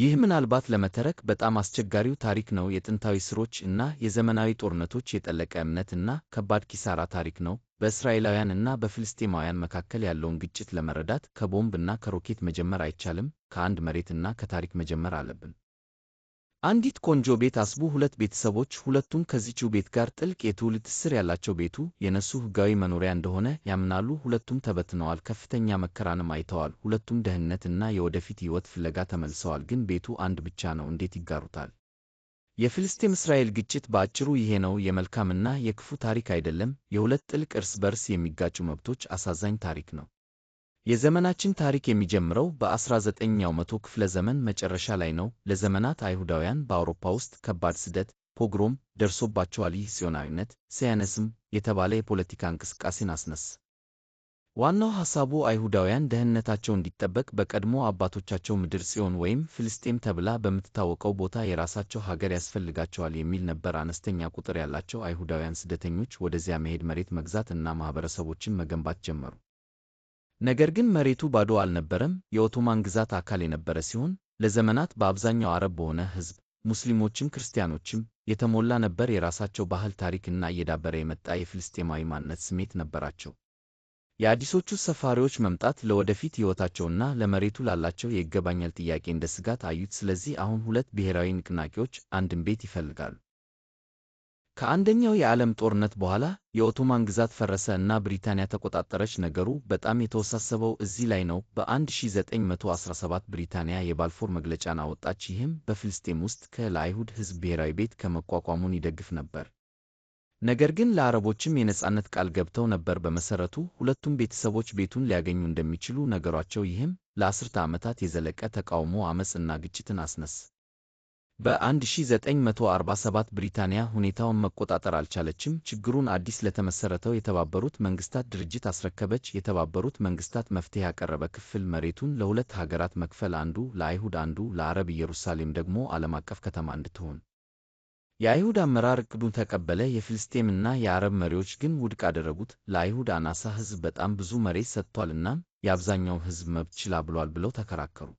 ይህ ምናልባት ለመተረክ በጣም አስቸጋሪው ታሪክ ነው። የጥንታዊ ሥሮች እና የዘመናዊ ጦርነቶች የጠለቀ እምነት እና ከባድ ኪሳራ ታሪክ ነው። በእስራኤላውያን እና በፍልስጤማውያን መካከል ያለውን ግጭት ለመረዳት ከቦምብ እና ከሮኬት መጀመር አይቻልም። ከአንድ መሬት እና ከታሪክ መጀመር አለብን። አንዲት ቆንጆ ቤት አስቡ። ሁለት ቤተሰቦች ሁለቱም ከዚችው ቤት ጋር ጥልቅ የትውልድ ትስስር ያላቸው ቤቱ የነሱ ሕጋዊ መኖሪያ እንደሆነ ያምናሉ። ሁለቱም ተበትነዋል፣ ከፍተኛ መከራንም አይተዋል። ሁለቱም ደህንነት እና የወደፊት ሕይወት ፍለጋ ተመልሰዋል። ግን ቤቱ አንድ ብቻ ነው። እንዴት ይጋሩታል? የፍልስጤም እስራኤል ግጭት በአጭሩ ይሄ ነው። የመልካምና የክፉ ታሪክ አይደለም። የሁለት ጥልቅ እርስ በርስ የሚጋጩ መብቶች አሳዛኝ ታሪክ ነው። የዘመናችን ታሪክ የሚጀምረው በ19ኛው መቶ ክፍለ ዘመን መጨረሻ ላይ ነው። ለዘመናት አይሁዳውያን በአውሮፓ ውስጥ ከባድ ስደት፣ ፖግሮም ደርሶባቸዋል። ይህ ጽዮናዊነት ሲያነስም የተባለ የፖለቲካ እንቅስቃሴን አስነስ ዋናው ሐሳቡ አይሁዳውያን ደህንነታቸው እንዲጠበቅ በቀድሞ አባቶቻቸው ምድር ጽዮን ወይም ፍልስጤም ተብላ በምትታወቀው ቦታ የራሳቸው ሀገር ያስፈልጋቸዋል የሚል ነበር። አነስተኛ ቁጥር ያላቸው አይሁዳውያን ስደተኞች ወደዚያ መሄድ፣ መሬት መግዛት እና ማኅበረሰቦችን መገንባት ጀመሩ። ነገር ግን መሬቱ ባዶ አልነበረም። የኦቶማን ግዛት አካል የነበረ ሲሆን ለዘመናት በአብዛኛው አረብ በሆነ ሕዝብ ሙስሊሞችም ክርስቲያኖችም የተሞላ ነበር። የራሳቸው ባህል፣ ታሪክና እየዳበረ የመጣ የፍልስጤማዊ ማንነት ስሜት ነበራቸው። የአዲሶቹ ሰፋሪዎች መምጣት ለወደፊት ሕይወታቸውና ለመሬቱ ላላቸው የይገባኛል ጥያቄ እንደ ስጋት አዩት። ስለዚህ አሁን ሁለት ብሔራዊ ንቅናቄዎች አንድን ቤት ይፈልጋሉ። ከአንደኛው የዓለም ጦርነት በኋላ የኦቶማን ግዛት ፈረሰ እና ብሪታንያ ተቆጣጠረች። ነገሩ በጣም የተወሳሰበው እዚህ ላይ ነው። በ1917 ብሪታንያ የባልፎር መግለጫን አወጣች፣ ይህም በፍልስጤም ውስጥ ከለአይሁድ ሕዝብ ብሔራዊ ቤት ከመቋቋሙን ይደግፍ ነበር። ነገር ግን ለአረቦችም የነጻነት ቃል ገብተው ነበር። በመሠረቱ ሁለቱም ቤተሰቦች ቤቱን ሊያገኙ እንደሚችሉ ነገሯቸው። ይህም ለአስርተ ዓመታት የዘለቀ ተቃውሞ፣ ዓመፅ እና ግጭትን አስነስ በ1947 ብሪታንያ ሁኔታውን መቆጣጠር አልቻለችም። ችግሩን አዲስ ለተመሰረተው የተባበሩት መንግስታት ድርጅት አስረከበች። የተባበሩት መንግስታት መፍትሄ ያቀረበ ክፍል መሬቱን ለሁለት ሀገራት መክፈል፣ አንዱ ለአይሁድ አንዱ ለአረብ፣ ኢየሩሳሌም ደግሞ ዓለም አቀፍ ከተማ እንድትሆን የአይሁድ አመራር ዕቅዱን ተቀበለ። የፍልስጤምና የአረብ መሪዎች ግን ውድቅ አደረጉት። ለአይሁድ አናሳ ሕዝብ በጣም ብዙ መሬት ሰጥቷል እናም የአብዛኛው ሕዝብ መብት ችላ ብሏል ብለው ተከራከሩ።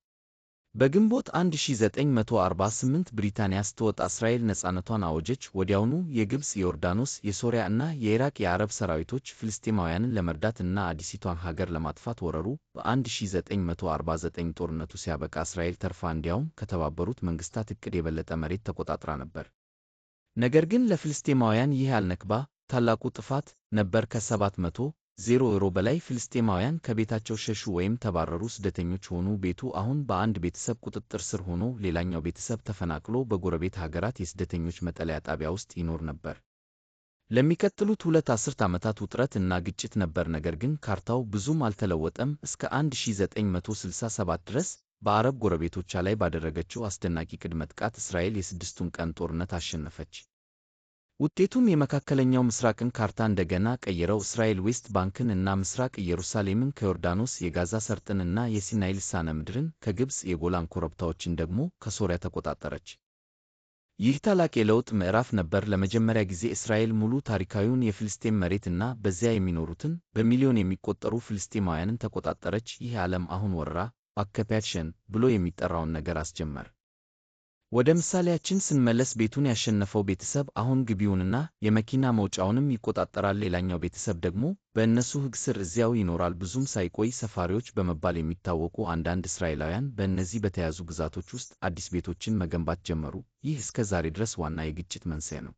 በግንቦት 1948 ብሪታንያ ስትወጣ እስራኤል ነፃነቷን አወጀች። ወዲያውኑ የግብፅ፣ የዮርዳኖስ፣ የሶሪያ እና የኢራቅ የአረብ ሰራዊቶች ፍልስጤማውያንን ለመርዳት እና አዲሲቷን ሀገር ለማጥፋት ወረሩ። በ1949 ጦርነቱ ሲያበቃ እስራኤል ተርፋ እንዲያውም ከተባበሩት መንግስታት እቅድ የበለጠ መሬት ተቆጣጥራ ነበር። ነገር ግን ለፍልስጤማውያን ይህ አልነክባ ታላቁ ጥፋት ነበር። ከ700 ዜሮ 0 በላይ ፍልስጤማውያን ከቤታቸው ሸሹ ወይም ተባረሩ ስደተኞች ሆኑ። ቤቱ አሁን በአንድ ቤተሰብ ቁጥጥር ስር ሆኖ ሌላኛው ቤተሰብ ተፈናቅሎ በጎረቤት ሀገራት የስደተኞች መጠለያ ጣቢያ ውስጥ ይኖር ነበር። ለሚቀጥሉት ሁለት አስርት ዓመታት ውጥረት እና ግጭት ነበር፣ ነገር ግን ካርታው ብዙም አልተለወጠም እስከ 1967 ድረስ። በአረብ ጎረቤቶቿ ላይ ባደረገችው አስደናቂ ቅድመ ጥቃት እስራኤል የስድስቱን ቀን ጦርነት አሸነፈች። ውጤቱም የመካከለኛው ምስራቅን ካርታ እንደገና ቀየረው። እስራኤል ዌስት ባንክን እና ምስራቅ ኢየሩሳሌምን ከዮርዳኖስ፣ የጋዛ ሰርጥን እና የሲናይ ልሳነ ምድርን ከግብፅ፣ የጎላን ኮረብታዎችን ደግሞ ከሶሪያ ተቆጣጠረች። ይህ ታላቅ የለውጥ ምዕራፍ ነበር። ለመጀመሪያ ጊዜ እስራኤል ሙሉ ታሪካዊውን የፍልስጤም መሬት እና በዚያ የሚኖሩትን በሚሊዮን የሚቆጠሩ ፍልስጤማውያንን ተቆጣጠረች። ይህ ዓለም አሁን ወረራ ኦኩፔሽን ብሎ የሚጠራውን ነገር አስጀመር። ወደ ምሳሌያችን ስንመለስ ቤቱን ያሸነፈው ቤተሰብ አሁን ግቢውንና የመኪና መውጫውንም ይቆጣጠራል። ሌላኛው ቤተሰብ ደግሞ በእነሱ ሕግ ስር እዚያው ይኖራል። ብዙም ሳይቆይ ሰፋሪዎች በመባል የሚታወቁ አንዳንድ እስራኤላውያን በእነዚህ በተያዙ ግዛቶች ውስጥ አዲስ ቤቶችን መገንባት ጀመሩ። ይህ እስከ ዛሬ ድረስ ዋና የግጭት መንስኤ ነው።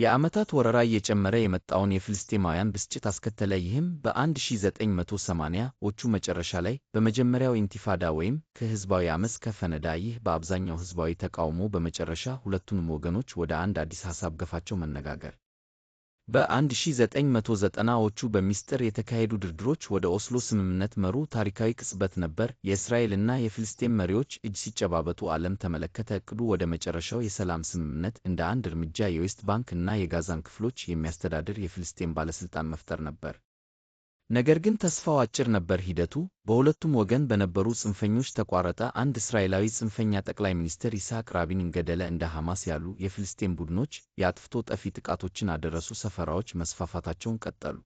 የዓመታት ወረራ እየጨመረ የመጣውን የፍልስጤማውያን ብስጭት አስከተለ። ይህም በ1980 ዎቹ መጨረሻ ላይ በመጀመሪያው ኢንቲፋዳ ወይም ከህዝባዊ አመፅ ከፈነዳ። ይህ በአብዛኛው ህዝባዊ ተቃውሞ በመጨረሻ ሁለቱንም ወገኖች ወደ አንድ አዲስ ሐሳብ ገፋቸው። መነጋገር በ1990ዎቹ በሚስጥር የተካሄዱ ድርድሮች ወደ ኦስሎ ስምምነት መሩ። ታሪካዊ ቅጽበት ነበር። የእስራኤልና የፍልስጤም መሪዎች እጅ ሲጨባበጡ ዓለም ተመለከተ። እቅዱ ወደ መጨረሻው የሰላም ስምምነት እንደ አንድ እርምጃ የዌስት ባንክ እና የጋዛን ክፍሎች የሚያስተዳድር የፍልስጤም ባለሥልጣን መፍጠር ነበር። ነገር ግን ተስፋው አጭር ነበር። ሂደቱ በሁለቱም ወገን በነበሩ ጽንፈኞች ተቋረጠ። አንድ እስራኤላዊ ጽንፈኛ ጠቅላይ ሚኒስትር ይስሐቅ ራቢንን ገደለ። እንደ ሐማስ ያሉ የፍልስጤም ቡድኖች የአጥፍቶ ጠፊ ጥቃቶችን አደረሱ። ሰፈራዎች መስፋፋታቸውን ቀጠሉ።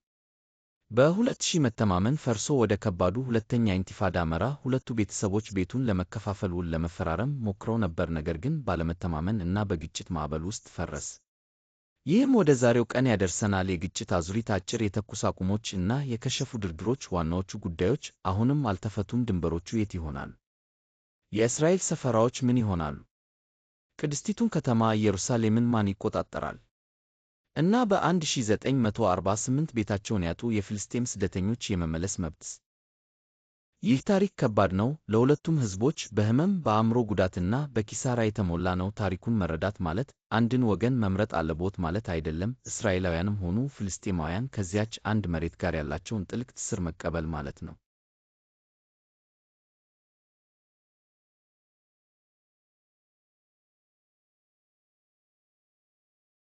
በ2000 መተማመን ፈርሶ ወደ ከባዱ ሁለተኛ ኢንቲፋዳ አመራ። ሁለቱ ቤተሰቦች ቤቱን ለመከፋፈል ውል ለመፈራረም ሞክረው ነበር፣ ነገር ግን ባለመተማመን እና በግጭት ማዕበል ውስጥ ፈረስ። ይህም ወደ ዛሬው ቀን ያደርሰናል። የግጭት አዙሪት፣ አጭር የተኩስ አቁሞች እና የከሸፉ ድርድሮች ዋናዎቹ ጉዳዮች አሁንም አልተፈቱም። ድንበሮቹ የት ይሆናል? የእስራኤል ሰፈራዎች ምን ይሆናሉ? ቅድስቲቱን ከተማ ኢየሩሳሌምን ማን ይቆጣጠራል? እና በ1948 ቤታቸውን ያጡ የፍልስጤም ስደተኞች የመመለስ መብትስ? ይህ ታሪክ ከባድ ነው ለሁለቱም ሕዝቦች በሕመም በአእምሮ ጉዳትና በኪሳራ የተሞላ ነው። ታሪኩን መረዳት ማለት አንድን ወገን መምረጥ አለቦት ማለት አይደለም። እስራኤላውያንም ሆኑ ፍልስጤማውያን ከዚያች አንድ መሬት ጋር ያላቸውን ጥልቅ ትስስር መቀበል ማለት ነው።